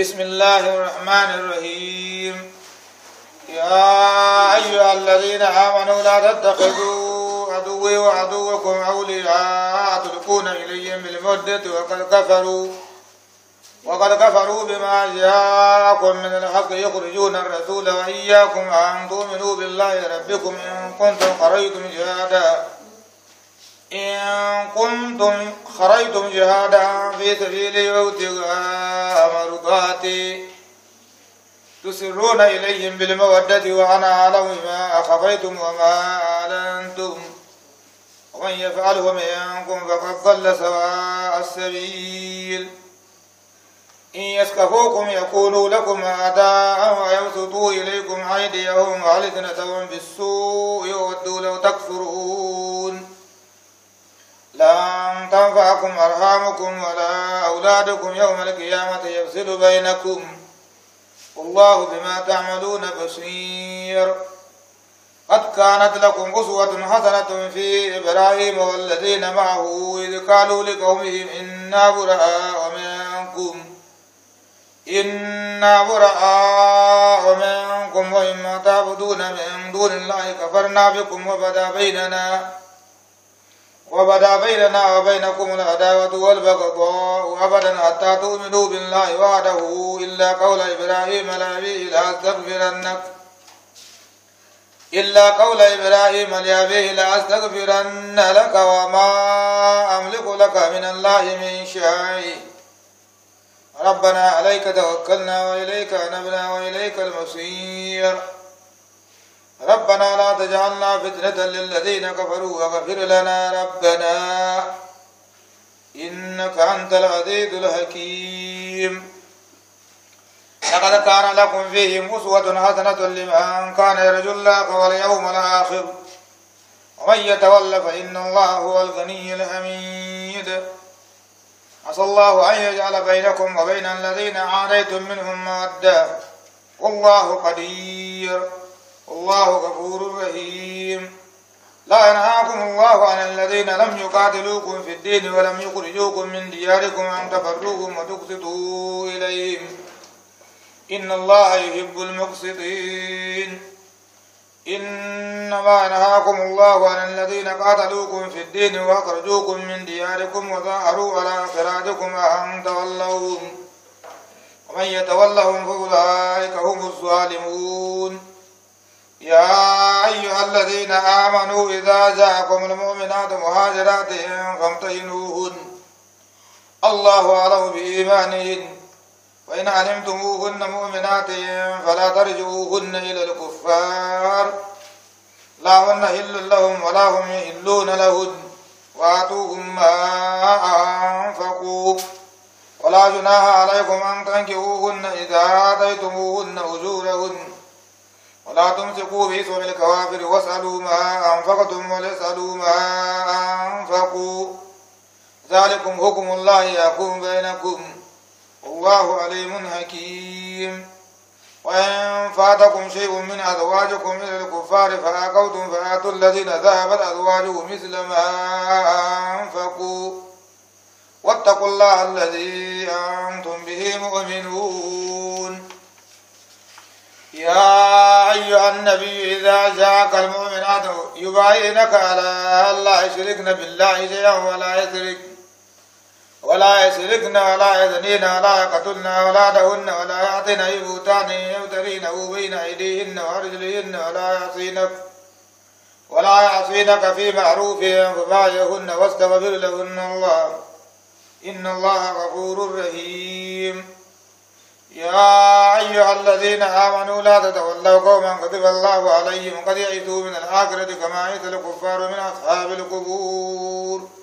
بسم الله الرحمن الرحيم يا أيها الذين آمنوا لا تتخذوا عدوي وعدوكم أولياء تلقون إليهم بالمدة وقد كفروا وقد كفروا بما جاءكم من الحق يخرجون الرسول وإياكم أن تؤمنوا بالله ربكم إن كنتم قريتم جهادا إن كنتم خرجتم جهادا في سبيلي وابتغاء مرضاتي تسرون إليهم بالمودة وأنا أعلم ما أخفيتم وما أعلنتم ومن يفعله منكم فقد ضل سواء السبيل إن يسكفوكم يقولوا لكم أعداء ويبسطوا إليكم أيديهم وألسنتهم بالسوء وودوا لو تكفرون لن تنفعكم أرحامكم ولا أولادكم يوم القيامة يفصل بينكم والله بما تعملون بصير قد كانت لكم أسوة حسنة في إبراهيم والذين معه إذ قالوا لقومهم إنا براء منكم إنا براء منكم وإما تعبدون من دون الله كفرنا بكم وبدا بيننا وبدا بيننا وبينكم العداوة والبغضاء أبدا حتى تؤمنوا بالله وحده إلا قول إبراهيم لأبيه لأستغفرنك إلا قول إبراهيم لأبيه لأستغفرن لك وما أملك لك من الله من شيء ربنا عليك توكلنا وإليك أنبنا وإليك المصير ربنا لا تجعلنا فتنة للذين كفروا واغفر لنا ربنا إنك أنت العزيز الحكيم لقد كان لكم فيهم أسوة حسنة لمن كان يرجو الله واليوم الآخر ومن يتولى فإن الله هو الغني الحميد عسى الله أن يجعل بينكم وبين الذين عانيتم منهم مودة والله قدير الله غفور رحيم لا ينهاكم الله عن الذين لم يقاتلوكم في الدين ولم يخرجوكم من دياركم أن تبروهم وتقسطوا إليهم إن الله يحب المقسطين إنما نهاكم الله عن الذين قاتلوكم في الدين وأخرجوكم من دياركم وظاهروا على إخراجكم أن تولوهم ومن يتولهم فأولئك هم الظالمون يا أيها الذين آمنوا إذا جاءكم المؤمنات مهاجرات فامتينوهن الله أعلم بإيمانهن وإن علمتموهن مؤمنات فلا ترجعوهن إلى الكفار لا هن هل لهم ولا هم يهلون لهن وآتوهم ما أنفقوا ولا جناح عليكم أن تنكئوهن إذا آتيتموهن أجورهن ولا تمسكوا باسم الكوافر واسألوا ما أنفقتم ولسألوا ما أنفقوا ذلكم حكم الله يقوم بينكم والله عليم حكيم وإن فاتكم شيء من أزواجكم إلى الكفار فآقوتم فآتوا الذين ذهبت أزواجهم مثل ما أنفقوا واتقوا الله الذي أنتم به مؤمنون يا النبي إذا جاءك المؤمنات يبايعنك على أن لا يشركن بالله شيئا ولا يشرك ولا يشركن ولا يزنين ولا يقتلن أولادهن ولا يعطين أي بهتان يبترينه بين أيديهن وأرجلهن ولا يعصينك ولا يعصينك في معروف فبايعهن واستغفر لهن الله إن الله غفور رحيم يا أيها الذين آمنوا لا تتولوا قوما كتب الله عليهم قد يعيثوا من الآخرة كما يئس الكفار من أصحاب القبور